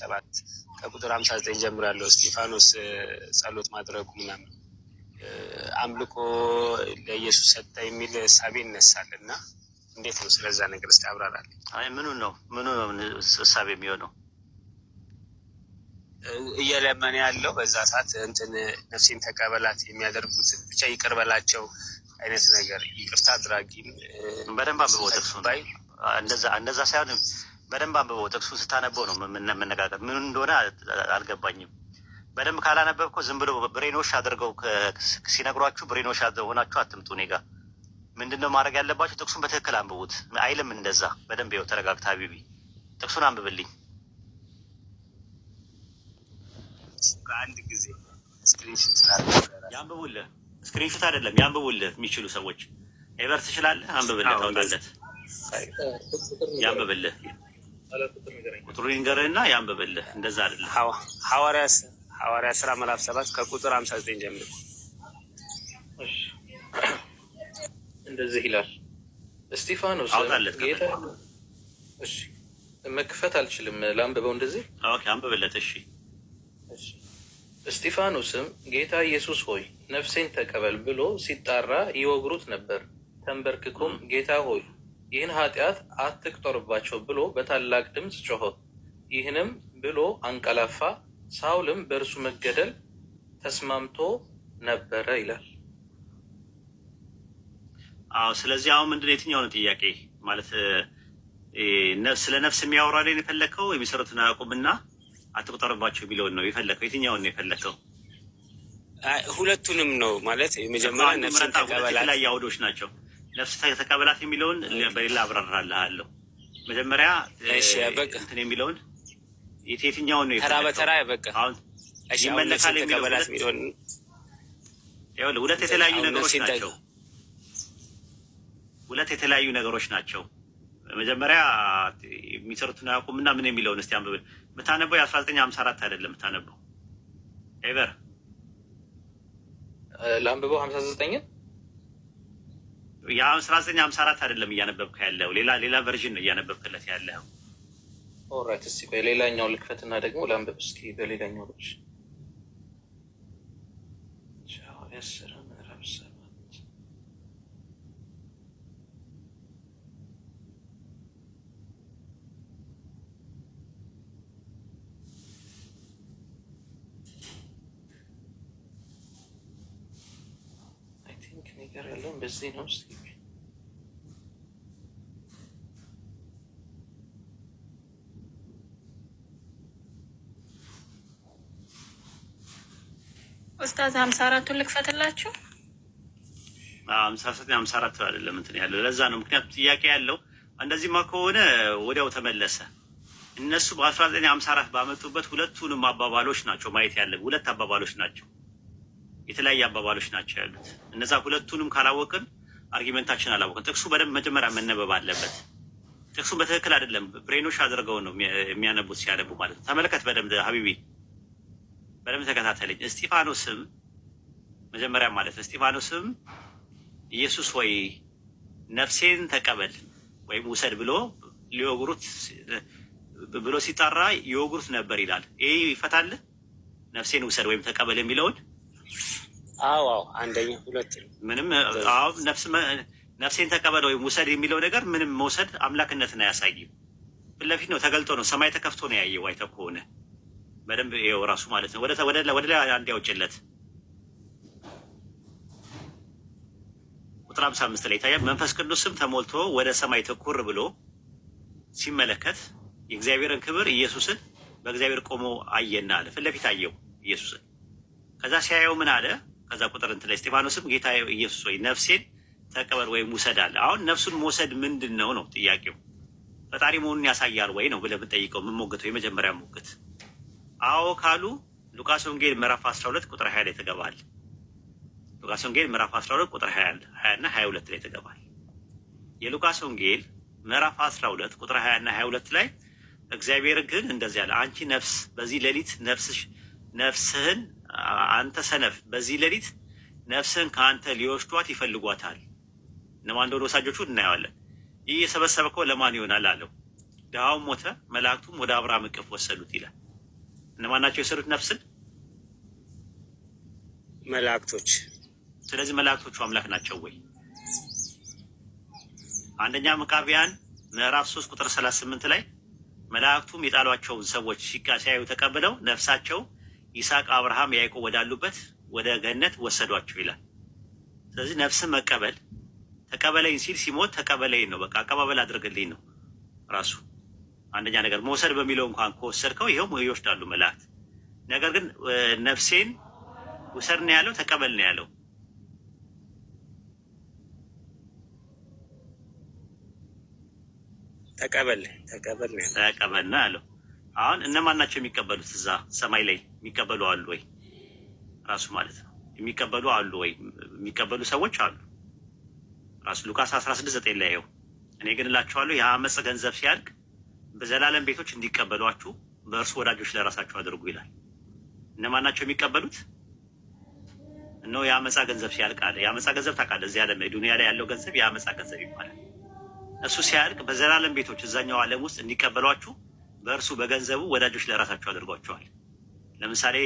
ሰባት ከቁጥር ሀምሳ ዘጠኝ ጀምሮ ያለው እስጢፋኖስ ጸሎት ማድረጉ ምናምን አምልኮ ለኢየሱስ ሰጠ የሚል እሳቤ ይነሳል እና እንዴት ነው ስለዛ ነገር እስኪ አብራራል። አይ ምኑ ነው ምኑ ነው እሳቤ የሚሆነው እየለመነ ያለው በዛ ሰዓት እንትን ነፍሴን ተቀበላት የሚያደርጉት ብቻ ይቅር በላቸው አይነት ነገር ይቅርታ አድራጊም በደንብ አንብቦ እንደዛ ሳይሆን በደንብ አንብበው። ጥቅሱን ስታነበው ነው መነጋገር ምን እንደሆነ አልገባኝም። በደንብ ካላነበብከው ዝም ብሎ ብሬኖሽ አድርገው ሲነግሯችሁ ብሬኖሽ ሆናችሁ አትምጡ። እኔ ጋ ምንድነው ማድረግ ያለባችሁ? ጥቅሱን በትክክል አንብቡት። አይልም እንደዛ። በደንብ ይኸው ተረጋግታ ቢቢ ጥቅሱን አንብብልኝ በአንድ ጊዜ ያንብቡልህ። ስክሪንሹት አይደለም ያንብቡልህ የሚችሉ ሰዎች ኤቨርት ትችላለህ። አንብብልህ ታውቃለህ። ያንብብልህ ቁጥሩ ይንገርህና ያንብብልህ። እንደዛ አይደለም። ሐዋርያስ ሐዋርያ ስራ ምዕራፍ ሰባት ከቁጥር ሀምሳ ዘጠኝ ጀምሮ እንደዚህ ይላል። እስጢፋኖስ ጌታ መክፈት አልችልም፣ ላንብበው እንደዚህ አንብብለት። እሺ እስጢፋኖስም ጌታ ኢየሱስ ሆይ ነፍሴን ተቀበል ብሎ ሲጣራ ይወግሩት ነበር። ተንበርክኮም ጌታ ሆይ ይህን ኃጢአት አትቅጠሩባቸው ብሎ በታላቅ ድምፅ ጮኸ። ይህንም ብሎ አንቀላፋ፣ ሳውልም በእርሱ መገደል ተስማምቶ ነበረ ይላል። አዎ። ስለዚህ አሁን ምንድን የትኛው ነው ጥያቄ ማለት ስለ ነፍስ የሚያወራ ላይ የፈለከው የሚሰሩትን አያውቁምና አትቁጠርባቸው የሚለውን ነው የፈለከው? የትኛውን ነው የፈለከው? ሁለቱንም ነው ማለት የመጀመሪያ ነፍስን ተቀበላት። የተለያዩ አውዶች ናቸው። ነፍስ ተቀበላት የሚለውን በሌላ አብራራልሃለሁ። መጀመሪያ እንትን የሚለውን የትኛውን ነው ተራ በተራ በቃ ይመለካል የሚለው ሁለት የተለያዩ ነገሮች ናቸው። ሁለት የተለያዩ ነገሮች ናቸው። መጀመሪያ የሚሰሩትን አያውቁምና ምን የሚለውን እስቲ አንብበን የምታነበው የአስራ ዘጠኝ ሀምሳ አራት አይደለም የምታነበው ኤቨር ለአንብበው ሀምሳ ዘጠኝን የአስራ ዘጠኝ ሀምሳ አራት አይደለም እያነበብክ ያለው ሌላ ሌላ ቨርዥን ነው እያነበብክለት ያለው። ኦራይት እስኪ በሌላኛው ልክፈትና ደግሞ ለአንበብ እስኪ በሌላኛው ልጅ እንደዚህ ነው። ኡስታዝ ሀምሳ አራቱን ልክፈትላችሁ። ሀምሳ ሀምሳ አራት አይደለም እንትን ያለው ለዛ ነው። ጥያቄ ያለው እንደዚህማ ከሆነ ወዲያው ተመለሰ። እነሱ በአስራ ዘጠኝ ባመጡበት ሁለቱንም አባባሎች ናቸው ማየት ሁለት አባባሎች ናቸው። የተለያየ አባባሎች ናቸው ያሉት። እነዛ ሁለቱንም ካላወቅን አርጊመንታችን አላወቅን። ጥቅሱ በደንብ መጀመሪያ መነበብ አለበት። ጥቅሱን በትክክል አይደለም ብሬኖች አድርገው ነው የሚያነቡት ሲያነቡ ማለት ነው። ተመልከት በደንብ ሀቢቢ፣ በደንብ ተከታተለኝ። እስጢፋኖስም መጀመሪያ ማለት ነው እስጢፋኖስም ኢየሱስ ወይ ነፍሴን ተቀበል ወይም ውሰድ ብሎ ሊወግሩት ብሎ ሲጠራ ይወግሩት ነበር ይላል። ይህ ይፈታል ነፍሴን ውሰድ ወይም ተቀበል የሚለውን አዎ አንደኛ ሁለት ምንም አዎ ነፍስ ነፍሴን ተቀበል ወይም ውሰድ የሚለው ነገር ምንም መውሰድ አምላክነትን አያሳይም። ፊት ለፊት ነው ተገልጦ ነው ሰማይ ተከፍቶ ነው ያየው። አይተ ከሆነ በደንብ ይኸው ራሱ ማለት ነው። ወደ ላይ አንድ ያውጭለት ቁጥር ሃምሳ አምስት ላይ ይታያል። መንፈስ ቅዱስም ተሞልቶ ወደ ሰማይ ትኩር ብሎ ሲመለከት የእግዚአብሔርን ክብር ኢየሱስን በእግዚአብሔር ቆሞ አየና አለ። ፊት ለፊት አየው ኢየሱስን። ከዛ ሲያየው ምን አለ? ከዛ ቁጥር እንትን ላይ እስጢፋኖስም ጌታ ኢየሱስ ወይ ነፍሴን ተቀበል ወይም ውሰድ አለ። አሁን ነፍሱን መውሰድ ምንድን ነው ነው ጥያቄው። ፈጣሪ መሆኑን ያሳያል ወይ ነው ብለህ ብትጠይቀው የምሞግተው የመጀመሪያ ሞግት አዎ ካሉ ሉቃስ ወንጌል ምዕራፍ 12 ቁጥር 20 ላይ ተገባል። ሉቃስ ወንጌል ምዕራፍ 12 ቁጥር 20 እና 22 ላይ ተገባል። የሉቃስ ወንጌል ምዕራፍ 12 ቁጥር 20 እና 22 ላይ እግዚአብሔር ግን እንደዚህ አለ፣ አንቺ ነፍስ በዚህ ሌሊት ነፍስሽ ነፍስህን አንተ ሰነፍ በዚህ ሌሊት ነፍስን ከአንተ ሊወስዷት ይፈልጓታል። እነማን እንደሆነ ወሳጆቹ እናየዋለን። ይህ የሰበሰበከው ለማን ይሆናል አለው። ድሃውም ሞተ፣ መላእክቱም ወደ አብርሃም እቅፍ ወሰዱት ይላል። እነማን ናቸው የወሰዱት ነፍስን? መላእክቶች። ስለዚህ መላእክቶቹ አምላክ ናቸው ወይ? አንደኛ መቃቢያን ምዕራፍ ሶስት ቁጥር ሰላሳ ስምንት ላይ መላእክቱም የጣሏቸውን ሰዎች ሲቃ ሲያዩ ተቀብለው ነፍሳቸው ይስሐቅ፣ አብርሃም፣ ያዕቆብ ወዳሉበት ወደ ገነት ወሰዷቸው ይላል። ስለዚህ ነፍስን መቀበል ተቀበለኝ ሲል ሲሞት ተቀበለኝ ነው፣ በቃ አቀባበል አድርግልኝ ነው ራሱ አንደኛ ነገር። መውሰድ በሚለው እንኳን ከወሰድከው ይኸውም ይወስዳሉ መላእክት። ነገር ግን ነፍሴን ውሰድ ነው ያለው፣ ተቀበል ነው ያለው። ተቀበል ተቀበል ነው ያለው አሁን እነማን ናቸው የሚቀበሉት? እዛ ሰማይ ላይ የሚቀበሉ አሉ ወይ? ራሱ ማለት ነው የሚቀበሉ አሉ ወይ? የሚቀበሉ ሰዎች አሉ። ራሱ ሉቃስ 16፥9 ላይ ያየው እኔ ግን እላችኋለሁ የአመፅ ገንዘብ ሲያልቅ በዘላለም ቤቶች እንዲቀበሏችሁ በእርሱ ወዳጆች ለራሳችሁ አድርጉ ይላል። እነማን ናቸው የሚቀበሉት? እነሆ የአመፃ ገንዘብ ሲያልቅ አለ። የአመፃ ገንዘብ ታውቃለህ፣ እዚህ ዓለም ዱኒያ ላይ ያለው ገንዘብ የአመፃ ገንዘብ ይባላል። እሱ ሲያልቅ በዘላለም ቤቶች እዛኛው ዓለም ውስጥ እንዲቀበሏችሁ በእርሱ በገንዘቡ ወዳጆች ለራሳቸው አድርጓቸዋል። ለምሳሌ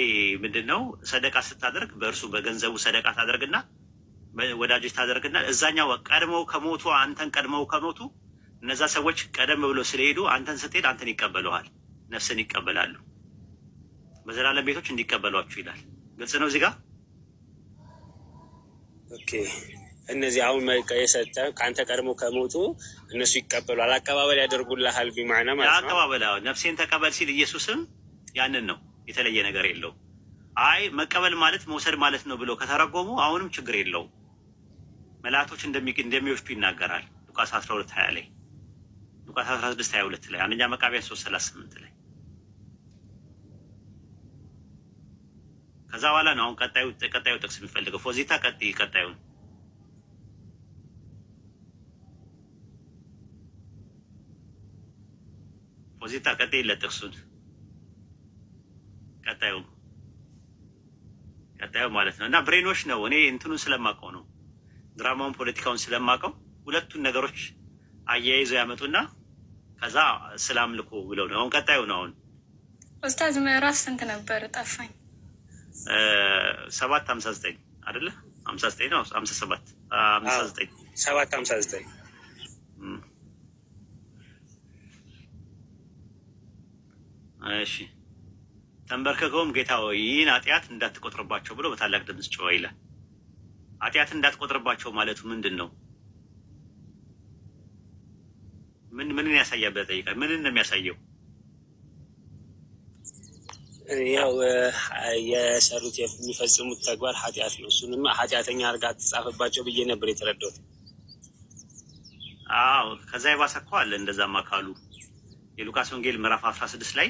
ምንድን ነው ሰደቃ ስታደርግ በእርሱ በገንዘቡ ሰደቃ ታደርግና ወዳጆች ታደርግና እዛኛው ቀድመው ከሞቱ አንተን ቀድመው ከሞቱ እነዛ ሰዎች ቀደም ብሎ ስለሄዱ አንተን ስትሄድ አንተን ይቀበለዋል፣ ነፍስን ይቀበላሉ፣ በዘላለም ቤቶች እንዲቀበሏችሁ ይላል። ግልጽ ነው እዚህ ጋር ኦኬ እነዚህ አሁን የሰጠ ከአንተ ቀድሞ ከሞቱ እነሱ ይቀበሏል፣ አቀባበል ያደርጉልሃል። ቢማና ማለት ነው አቀባበል ነፍሴን ተቀበል ሲል ኢየሱስም ያንን ነው። የተለየ ነገር የለው። አይ መቀበል ማለት መውሰድ ማለት ነው ብሎ ከተረጎሙ አሁንም ችግር የለውም። መላእክቶች እንደሚወስዱ ይናገራል ሉቃስ 12 20 ላይ ሉቃስ 16 22 ላይ አንደኛ መቃቢያን 3 38 ላይ ከዛ በኋላ ነው አሁን ቀጣዩ ጥቅስ የሚፈልገው ፎዚታ ቀጣዩን Posita, ቀጥይ ለጥቅሱን ቀጣዩ ቀጣዩ ማለት ነው እና ብሬኖች ነው። እኔ እንትኑን ስለማውቀው ነው ድራማውን ፖለቲካውን ስለማውቀው ሁለቱን ነገሮች አያይዘው ያመጡና ከዛ ስላምልኮ ብለው ነው። አሁን ቀጣዩ ነው። አሁን ኡስታዝ ምዕራፍ ስንት ነበር? ጠፋኝ። ሰባት ሀምሳ ዘጠኝ አይደለ? ሀምሳ ዘጠኝ ነው ሀምሳ ሰባት ሀምሳ ዘጠኝ ሰባት ሀምሳ ዘጠኝ እሺ ተንበርከከውም ጌታ ሆይ ይህን አጥያት እንዳትቆጥርባቸው ብሎ በታላቅ ድምፅ ጮኸ ይላል። አጥያት እንዳትቆጥርባቸው ማለቱ ምንድን ነው? ምን ምንን ያሳያል ብለህ ጠይቃለህ። ምንን ነው የሚያሳየው? ያው የሰሩት የሚፈጽሙት ተግባር ኃጢአት ነው። እሱንም ኃጢአተኛ አድርጋ አትጻፍባቸው ብዬ ነበር የተረዳሁት። አዎ ከዛ የባሰ እኮ አለ። እንደዛማ የሉቃስ ወንጌል ምዕራፍ አስራ ስድስት ላይ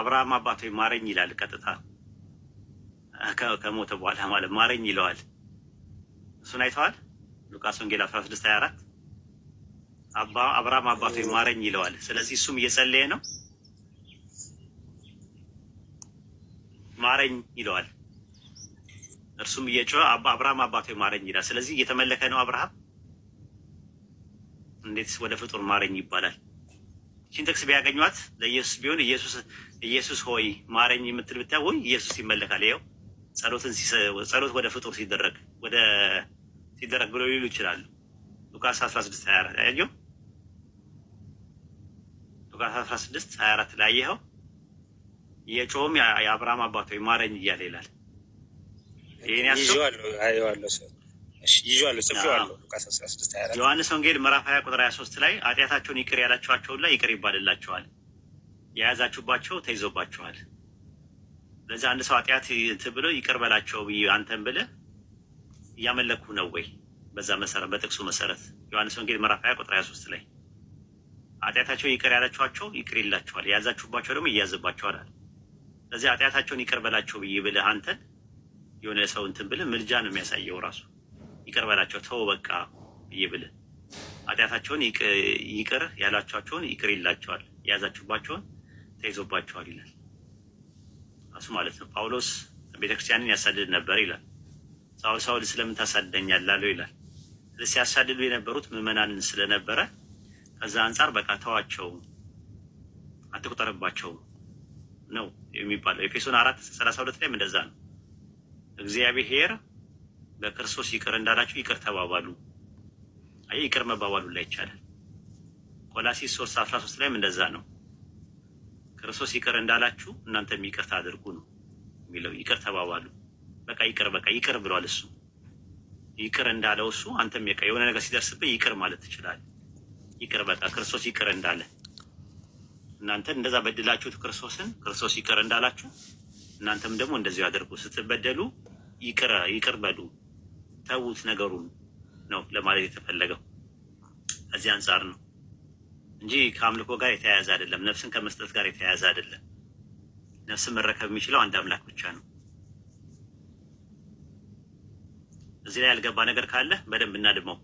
አብርሃም አባቶ ማረኝ ይላል። ቀጥታ ከሞተ በኋላ ማለት ማረኝ ይለዋል። እሱን አይተዋል። ሉቃስ ወንጌል 16 24 አብርሃም አባቶ ማረኝ ይለዋል። ስለዚህ እሱም እየጸለየ ነው። ማረኝ ይለዋል። እርሱም እየጮኸ አብርሃም አባቶ ማረኝ ይላል። ስለዚህ እየተመለከ ነው አብርሃም። እንዴትስ ወደ ፍጡር ማረኝ ይባላል? ይህችን ጥቅስ ቢያገኟት ለኢየሱስ ቢሆን ኢየሱስ ኢየሱስ ሆይ ማረኝ የምትል ብታ ወይ ኢየሱስ ይመለካል። ይኸው ጸሎትን ጸሎት ወደ ፍጡር ሲደረግ ወደ ሲደረግ ብሎ ሊሉ ይችላሉ። ሉቃስ 16 24 ያየው ሉቃስ 16 24 ላይ ያየኸው የጮም የአብርሃም አባት ሆይ ማረኝ እያለ ይላል። ይህን ያለው ዮሐንስ ወንጌል ምዕራፍ ሀያ ቁጥር ሀያ ሶስት ላይ ኃጢአታቸውን ይቅር ያላችኋቸውን ላይ ይቅር ይባልላቸዋል፣ የያዛችሁባቸው ተይዞባቸዋል። ስለዚህ አንድ ሰው ኃጢአት እንትን ብሎ ይቅር በላቸው ብዬ አንተን ብለህ እያመለኩ ነው ወይ? በዛ መሰረት በጥቅሱ መሰረት ዮሐንስ ወንጌል ምዕራፍ ሀያ ቁጥር ሀያ ሶስት ላይ ኃጢአታቸውን ይቅር ያላችኋቸው ይቅር ይላቸዋል፣ የያዛችሁባቸው ደግሞ ይያዝባቸዋል። ስለዚህ ኃጢአታቸውን ይቅር በላቸው ብዬ ብለህ አንተን የሆነ ሰው እንትን ብለህ ምልጃ ነው የሚያሳየው ራሱ ይቅር በላቸው ተው በቃ ይብል ኃጢአታቸውን ይቅር ያላቸኋቸውን ይቅር ይላቸዋል፣ የያዛችሁባቸውን ተይዞባቸዋል ይላል። እሱ ማለት ነው ጳውሎስ ቤተክርስቲያንን ያሳድድ ነበር ይላል። ሳውል ሳውል ስለምን ታሳድደኛለህ አለው ይላል። ሲያሳድዱ የነበሩት ምዕመናንን ስለነበረ ከዛ አንጻር በቃ ተዋቸው አትቁጠርባቸው ነው የሚባለው። ኤፌሶን አራት ሰላሳ ሁለት ላይ እንደዛ ነው እግዚአብሔር በክርስቶስ ይቅር እንዳላችሁ ይቅር ተባባሉ። አይ ይቅር መባባሉ ላይ ይቻላል። ቆላሲስ 3 13 ላይም እንደዛ ነው። ክርስቶስ ይቅር እንዳላችሁ እናንተም ይቅር ታድርጉ ነው የሚለው። ይቅር ተባባሉ። በቃ ይቅር በቃ ይቅር ብሏል እሱ። ይቅር እንዳለው እሱ አንተም የቃ የሆነ ነገር ሲደርስብህ ይቅር ማለት ትችላለህ። ይቅር በቃ ክርስቶስ ይቅር እንዳለ እናንተ እንደዛ በድላችሁት ክርስቶስን ክርስቶስ ይቅር እንዳላችሁ እናንተም ደግሞ እንደዚሁ ያደርጉ ስትበደሉ ይቅር ይቅር በሉ። ተዉት ነገሩን ነው ለማለት የተፈለገው። እዚህ አንጻር ነው እንጂ ከአምልኮ ጋር የተያያዘ አይደለም። ነፍስን ከመስጠት ጋር የተያያዘ አይደለም። ነፍስን መረከብ የሚችለው አንድ አምላክ ብቻ ነው። እዚህ ላይ ያልገባ ነገር ካለ በደንብ እናድመው።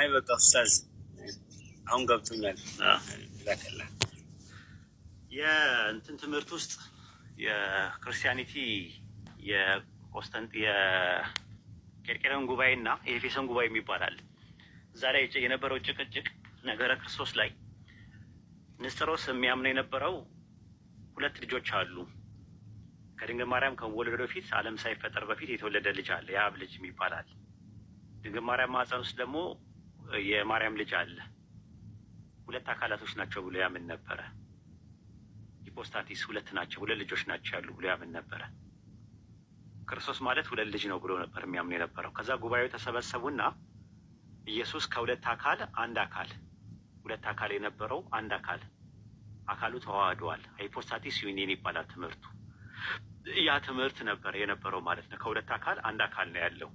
አይ በቃ ኡስታዝ አሁን ገብቶኛል። ላከላ የእንትን ትምህርት ውስጥ የክርስቲያኒቲ ኮንስታንት የቄርቄሬን ጉባኤ እና የኤፌሶን ጉባኤ የሚባላል እዛ ላይ የነበረው ጭቅጭቅ ነገረ ክርስቶስ ላይ ንስጥሮስ የሚያምነው የነበረው ሁለት ልጆች አሉ። ከድንግል ማርያም ከመወለዱ በፊት ዓለም ሳይፈጠር በፊት የተወለደ ልጅ አለ፣ የአብ ልጅ ይባላል። ድንግል ማርያም ማህፀን ውስጥ ደግሞ የማርያም ልጅ አለ። ሁለት አካላቶች ናቸው ብሎ ያምን ነበረ። ሂፖስታቲስ ሁለት ናቸው፣ ሁለት ልጆች ናቸው ያሉ ብሎ ያምን ነበረ። ክርስቶስ ማለት ሁለት ልጅ ነው ብሎ ነበር የሚያምኑ የነበረው። ከዛ ጉባኤው የተሰበሰቡና ኢየሱስ ከሁለት አካል አንድ አካል ሁለት አካል የነበረው አንድ አካል አካሉ ተዋህደዋል። ሃይፖስታቲስ ዩኒየን ይባላል ትምህርቱ። ያ ትምህርት ነበር የነበረው ማለት ነው። ከሁለት አካል አንድ አካል ነው ያለው።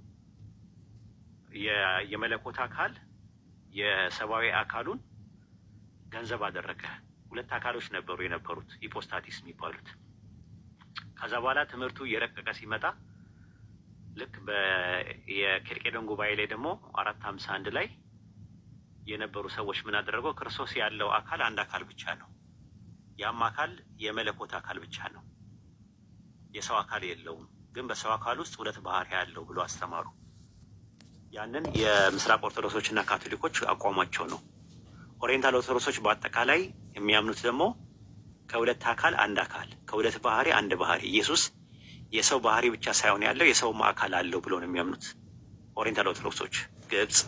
የመለኮት አካል የሰብአዊ አካሉን ገንዘብ አደረገ። ሁለት አካሎች ነበሩ የነበሩት ሂፖስታቲስ የሚባሉት ከዛ በኋላ ትምህርቱ እየረቀቀ ሲመጣ ልክ የኬልቄዶን ጉባኤ ላይ ደግሞ አራት ሀምሳ አንድ ላይ የነበሩ ሰዎች ምን አደረገው? ክርስቶስ ያለው አካል አንድ አካል ብቻ ነው። ያም አካል የመለኮት አካል ብቻ ነው። የሰው አካል የለውም። ግን በሰው አካል ውስጥ ሁለት ባህሪ ያለው ብሎ አስተማሩ። ያንን የምስራቅ ኦርቶዶክሶች እና ካቶሊኮች አቋማቸው ነው። ኦሪየንታል ኦርቶዶክሶች በአጠቃላይ የሚያምኑት ደግሞ ከሁለት አካል አንድ አካል፣ ከሁለት ባህሪ አንድ ባህሪ። ኢየሱስ የሰው ባህሪ ብቻ ሳይሆን ያለው የሰው አካል አለው ብሎ ነው የሚያምኑት ኦሪየንታል ኦርቶዶክሶች። ግብፅ፣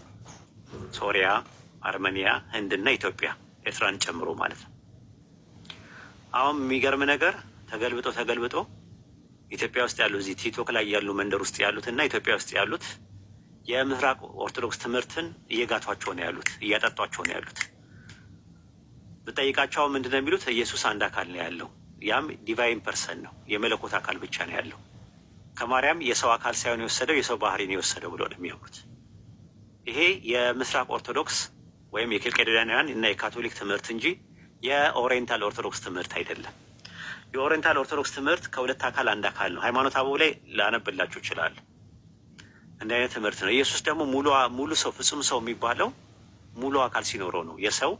ሶሪያ፣ አርሜኒያ፣ ህንድና ኢትዮጵያ ኤርትራን ጨምሮ ማለት ነው። አሁን የሚገርም ነገር ተገልብጦ ተገልብጦ ኢትዮጵያ ውስጥ ያሉ እዚህ ቲክቶክ ላይ ያሉ መንደር ውስጥ ያሉት እና ኢትዮጵያ ውስጥ ያሉት የምስራቅ ኦርቶዶክስ ትምህርትን እየጋቷቸው ነው ያሉት፣ እያጠጧቸው ነው ያሉት። ብጠይቃቸው ምንድነው የሚሉት? ኢየሱስ አንድ አካል ነው ያለው። ያም ዲቫይን ፐርሰን ነው፣ የመለኮት አካል ብቻ ነው ያለው። ከማርያም የሰው አካል ሳይሆን የወሰደው የሰው ባህሪ ነው የወሰደው ብሎ ነው የሚያምኑት። ይሄ የምስራቅ ኦርቶዶክስ ወይም የኬልቄዶናውያን እና የካቶሊክ ትምህርት እንጂ የኦሪየንታል ኦርቶዶክስ ትምህርት አይደለም። የኦሪየንታል ኦርቶዶክስ ትምህርት ከሁለት አካል አንድ አካል ነው። ሃይማኖት አበው ላይ ላነብላችሁ ይችላል። እንደ አይነት ትምህርት ነው። ኢየሱስ ደግሞ ሙሉ ሰው ፍጹም ሰው የሚባለው ሙሉ አካል ሲኖረው ነው የሰው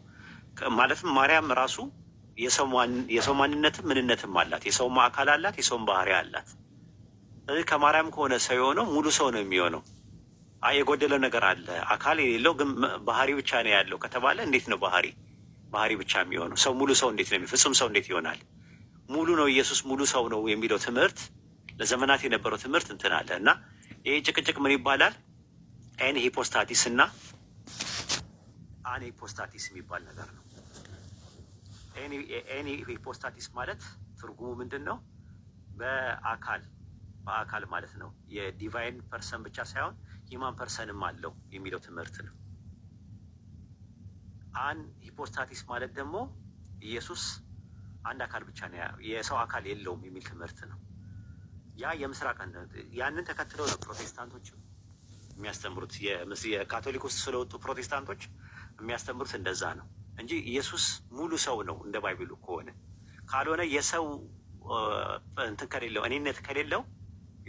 ማለትም ማርያም ራሱ የሰው ማንነትም ምንነትም አላት። የሰውም አካል አላት። የሰውም ባህሪ አላት። ስለዚህ ከማርያም ከሆነ ሰው የሆነው ሙሉ ሰው ነው የሚሆነው። የጎደለው ነገር አለ። አካል የሌለው ግን ባህሪ ብቻ ነው ያለው ከተባለ እንዴት ነው ባህሪ ባህሪ ብቻ የሚሆነው? ሰው ሙሉ ሰው እንዴት ነው? ፍጹም ሰው እንዴት ይሆናል? ሙሉ ነው ኢየሱስ ሙሉ ሰው ነው የሚለው ትምህርት ለዘመናት የነበረው ትምህርት እንትን አለ እና ይህ ጭቅጭቅ ምን ይባላል? አይን ሂፖስታቲስ እና አኔ ሂፖስታቲስ የሚባል ነገር ነው። ኤኒ ሪፖስታቲስ ማለት ትርጉሙ ምንድን ነው? በአካል በአካል ማለት ነው። የዲቫይን ፐርሰን ብቻ ሳይሆን ሂማን ፐርሰንም አለው የሚለው ትምህርት ነው። አን ሂፖስታቲስ ማለት ደግሞ ኢየሱስ አንድ አካል ብቻ ነው፣ የሰው አካል የለውም የሚል ትምህርት ነው። ያ የምስራቅ ያንን ተከትለው ነው ፕሮቴስታንቶች የሚያስተምሩት። የካቶሊክ ውስጥ ስለወጡ ፕሮቴስታንቶች የሚያስተምሩት እንደዛ ነው። እንጂ ኢየሱስ ሙሉ ሰው ነው እንደ ባይብሉ ከሆነ ካልሆነ የሰው እንትን ከሌለው እኔነት ከሌለው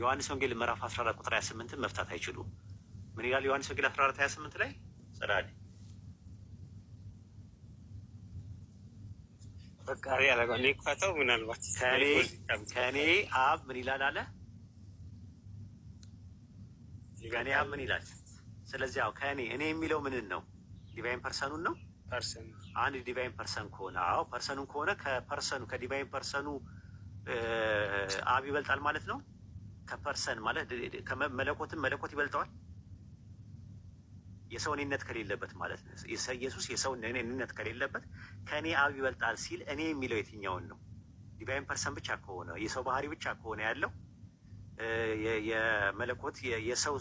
ዮሐንስ ወንጌል ምዕራፍ 14 ቁጥር 28 መፍታት አይችሉም። ምን ይላል ዮሐንስ ወንጌል 14 28 ላይ ጸዳል ከኔ አብ ምን ይላል አለ ከእኔ አብ ምን ይላል። ስለዚህ ከኔ እኔ የሚለው ምንን ነው? ዲቫይን ፐርሰኑን ነው ፐርሰን አንድ ዲቫይን ፐርሰን ከሆነ አዎ ፐርሰኑን ከሆነ ከፐርሰኑ ከዲቫይን ፐርሰኑ አብ ይበልጣል ማለት ነው። ከፐርሰን ማለት መለኮትን መለኮት ይበልጠዋል የሰው እኔነት ከሌለበት ማለት ነው። ኢየሱስ የሰው እኔነት ከሌለበት ከእኔ አብ ይበልጣል ሲል እኔ የሚለው የትኛውን ነው? ዲቫይን ፐርሰን ብቻ ከሆነ የሰው ባህሪ ብቻ ከሆነ ያለው የመለኮት የሰው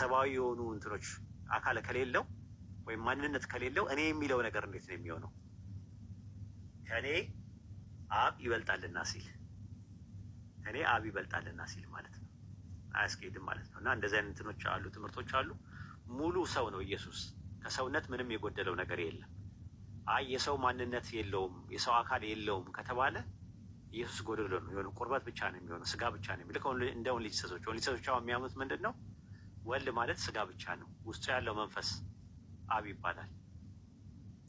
ሰብአዊ የሆኑ እንትኖች አካል ከሌለው ወይም ማንነት ከሌለው እኔ የሚለው ነገር እንዴት ነው የሚሆነው? ከእኔ አብ ይበልጣልና ሲል ከእኔ አብ ይበልጣልና ሲል ማለት ነው። አያስኬድም ማለት ነው። እና እንደዚህ አይነት እንትኖች አሉ፣ ትምህርቶች አሉ። ሙሉ ሰው ነው ኢየሱስ። ከሰውነት ምንም የጎደለው ነገር የለም። አይ የሰው ማንነት የለውም የሰው አካል የለውም ከተባለ ኢየሱስ ጎደሎ ነው የሆነ ቁርበት ብቻ ነው የሚሆነው፣ ስጋ ብቻ ነው የሚልከ እንደ ወንድ ልጅ ሰሶች ወንድ ልጅ ሰሶች የሚያምኑት ምንድን ነው? ወልድ ማለት ስጋ ብቻ ነው። ውስጡ ያለው መንፈስ አብ ይባላል።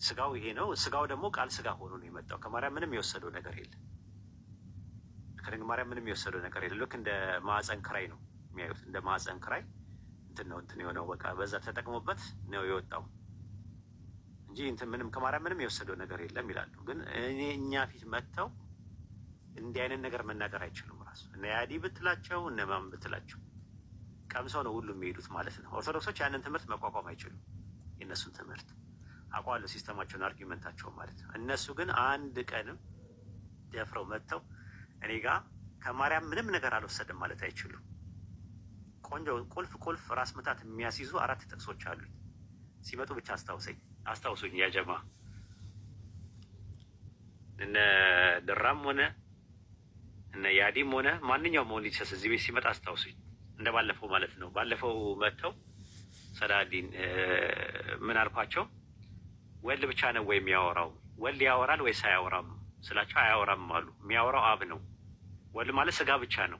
ስጋው ይሄ ነው። ስጋው ደግሞ ቃል ስጋ ሆኖ ነው የመጣው። ከማርያም ምንም የወሰደው ነገር የለም። ከድንግል ማርያም ምንም የወሰደው ነገር የለም። ልክ እንደ ማዕፀን ክራይ ነው የሚያዩት። እንደ ማዕፀን ክራይ እንትን ነው እንትን የሆነው በቃ በዛ ተጠቅሞበት ነው የወጣው እንጂ እንትን ምንም ከማርያም ምንም የወሰደው ነገር የለም ይላሉ። ግን እኔ እኛ ፊት መጥተው እንዲህ አይነት ነገር መናገር አይችሉም። ራሱ እነ ያዲ ብትላቸው እነማም ብትላቸው ቀምሰው ነው ሁሉ የሚሄዱት ማለት ነው። ኦርቶዶክሶች ያንን ትምህርት መቋቋም አይችሉም። የእነሱን ትምህርት አውቀዋለሁ፣ ሲስተማቸውን አርጊመንታቸውን ማለት ነው። እነሱ ግን አንድ ቀንም ደፍረው መጥተው እኔ ጋር ከማርያም ምንም ነገር አልወሰድም ማለት አይችሉም። ቆንጆ ቁልፍ ቁልፍ ራስ ምታት የሚያስይዙ አራት ጥቅሶች አሉኝ። ሲመጡ ብቻ አስታውሰኝ አስታውሱኝ። ያጀማ እነ ድራም ሆነ እነ ያዲም ሆነ ማንኛውም ሆን ሊሰስ እዚህ ቤት ሲመጣ አስታውሱኝ። እንደ ባለፈው ማለት ነው። ባለፈው መጥተው ሰላዲን ምን አልኳቸው? ወል ብቻ ነው ወይ የሚያወራው? ወል ያወራል ወይስ አያወራም ስላቸው አያወራም አሉ። የሚያወራው አብ ነው። ወል ማለት ስጋ ብቻ ነው።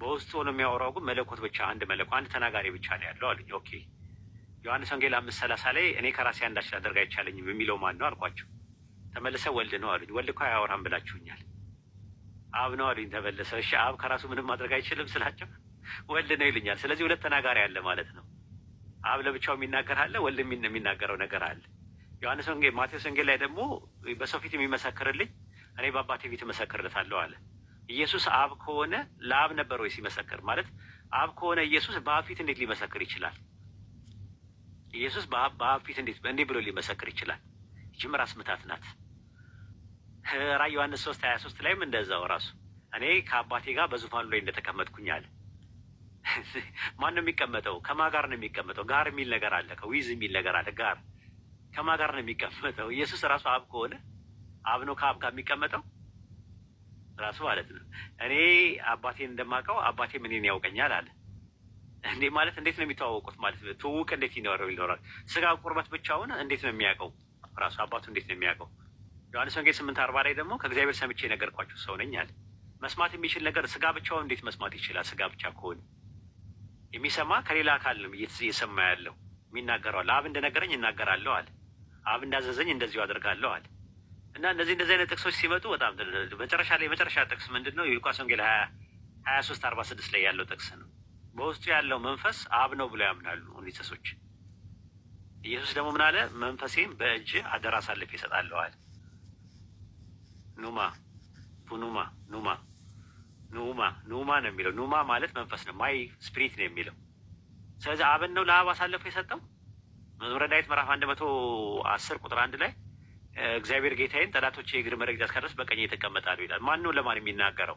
በውስጡ ሆኖ የሚያወራው ግን መለኮት ብቻ አንድ መለኮ አንድ ተናጋሪ ብቻ ነው ያለው አሉኝ። ኦኬ ዮሐንስ ወንጌል አምስት ሰላሳ ላይ እኔ ከራሴ አንዳች ላደርግ አይቻለኝም የሚለው ማን ነው አልኳቸው። ተመልሰ ወልድ ነው አሉኝ። ወልድ እኮ አያወራም ብላችሁኛል። አብ ነው አሉኝ። ተመልሰ እሺ አብ ከራሱ ምንም ማድረግ አይችልም ስላቸው ወልድ ነው ይልኛል። ስለዚህ ሁለት ተናጋሪ አለ ማለት ነው። አብ ለብቻው የሚናገር አለ፣ ወልድ የሚናገረው ነገር አለ። ዮሐንስ ወንጌል፣ ማቴዎስ ወንጌል ላይ ደግሞ በሰው ፊት የሚመሰክርልኝ እኔ በአባቴ ፊት እመሰክርለታለሁ አለ። ኢየሱስ አብ ከሆነ ለአብ ነበር ወይ ሲመሰክር? ማለት አብ ከሆነ ኢየሱስ በአብ ፊት እንዴት ሊመሰክር ይችላል? ኢየሱስ በአብ ፊት እንዴት እንዴ ብሎ ሊመሰክር ይችላል? ይችም ራስ ምታት ናት። ራዕይ ዮሐንስ ሶስት ሀያ ሶስት ላይም እንደዛው ራሱ እኔ ከአባቴ ጋር በዙፋኑ ላይ እንደተቀመጥኩኝ አለ። ማን ነው የሚቀመጠው? ከማ ጋር ነው የሚቀመጠው? ጋር የሚል ነገር አለ፣ ከዊዝ የሚል ነገር አለ። ጋር ከማ ጋር ነው የሚቀመጠው? ኢየሱስ ራሱ አብ ከሆነ አብ ነው ከአብ ጋር የሚቀመጠው ራሱ ማለት ነው። እኔ አባቴን እንደማውቀው አባቴ ምንን ያውቀኛል አለ። እንዴ ማለት እንዴት ነው የሚተዋወቁት? ማለት ትውውቅ እንዴት ይኖረው ይኖራል? ስጋ ቁርበት ብቻውን እንዴት ነው የሚያውቀው? ራሱ አባቱ እንዴት ነው የሚያውቀው? ዮሐንስ ወንጌል ስምንት አርባ ላይ ደግሞ ከእግዚአብሔር ሰምቼ ነገር ሰው ነኝ አለ። መስማት የሚችል ነገር ስጋ ብቻውን እንዴት መስማት ይችላል? ስጋ ብቻ ከሆነ የሚሰማ ከሌላ አካል ነው እየሰማ ያለው የሚናገረው አለ። አብ እንደነገረኝ እናገራለሁ አለ። አብ እንዳዘዘኝ እንደዚሁ አደርጋለሁ አለ። እና እነዚህ እንደዚህ አይነት ጥቅሶች ሲመጡ በጣም መጨረሻ ላይ የመጨረሻ ጥቅስ ምንድን ነው? የሉቃስ ወንጌል ሀያ ሶስት አርባ ስድስት ላይ ያለው ጥቅስ ነው። በውስጡ ያለው መንፈስ አብ ነው ብለው ያምናሉ ኦንሊሰሶች። ኢየሱስ ደግሞ ምን አለ? መንፈሴም በእጅ አደራ አሳልፌ እሰጣለሁ አለ። ኑማ ኑማ ኑማ ኑማ ኑማ ነው የሚለው። ኑማ ማለት መንፈስ ነው፣ ማይ ስፒሪት ነው የሚለው። ስለዚህ አብን ነው ለአብ አሳልፎ የሰጠው። መዝሙረ ዳዊት ምዕራፍ አንድ መቶ አስር ቁጥር አንድ ላይ እግዚአብሔር ጌታዬን ጠላቶች የእግር መረግጫ እስካደርስ በቀኝ የተቀመጣሉ ይላል። ማን ነው ለማን የሚናገረው?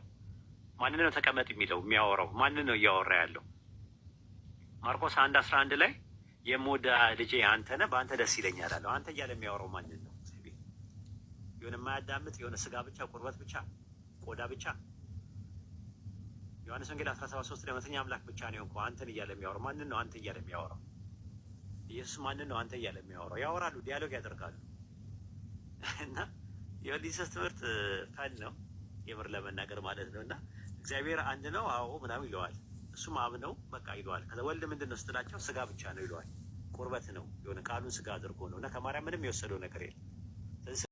ማንን ነው ተቀመጥ የሚለው የሚያወራው? ማንን ነው እያወራ ያለው? ማርቆስ አንድ አስራ አንድ ላይ የሞዳ ልጄ አንተ ነህ በአንተ ደስ ይለኛል አለው። አንተ እያለ የሚያወራው ማንን ነው? የሆነ የማያዳምጥ የሆነ ስጋ ብቻ ቁርበት ብቻ ቆዳ ብቻ ዮሐንስ ወንጌል አስራ ሰባት ላይ እውነተኛ አምላክ ብቻ ነው እንኳ አንተን እያለ የሚያወራው ማንን ነው? አንተ እያለ የሚያወራው ኢየሱስ ማንን ነው? አንተ እያለ የሚያወራው ያወራሉ፣ ዲያሎግ ያደርጋሉ። እና የኦዲሰስ ትምህርት ፈን ነው የምር ለመናገር ማለት ነው። እና እግዚአብሔር አንድ ነው አዎ ምናምን ይለዋል፣ እሱም አብ ነው በቃ ይለዋል። ከዛ ወልድ ምንድን ነው ስትላቸው ስጋ ብቻ ነው ይለዋል። ቁርበት ነው የሆነ ቃሉን ስጋ አድርጎ ነው እና ከማርያም ምንም የወሰደው ነገር የለም።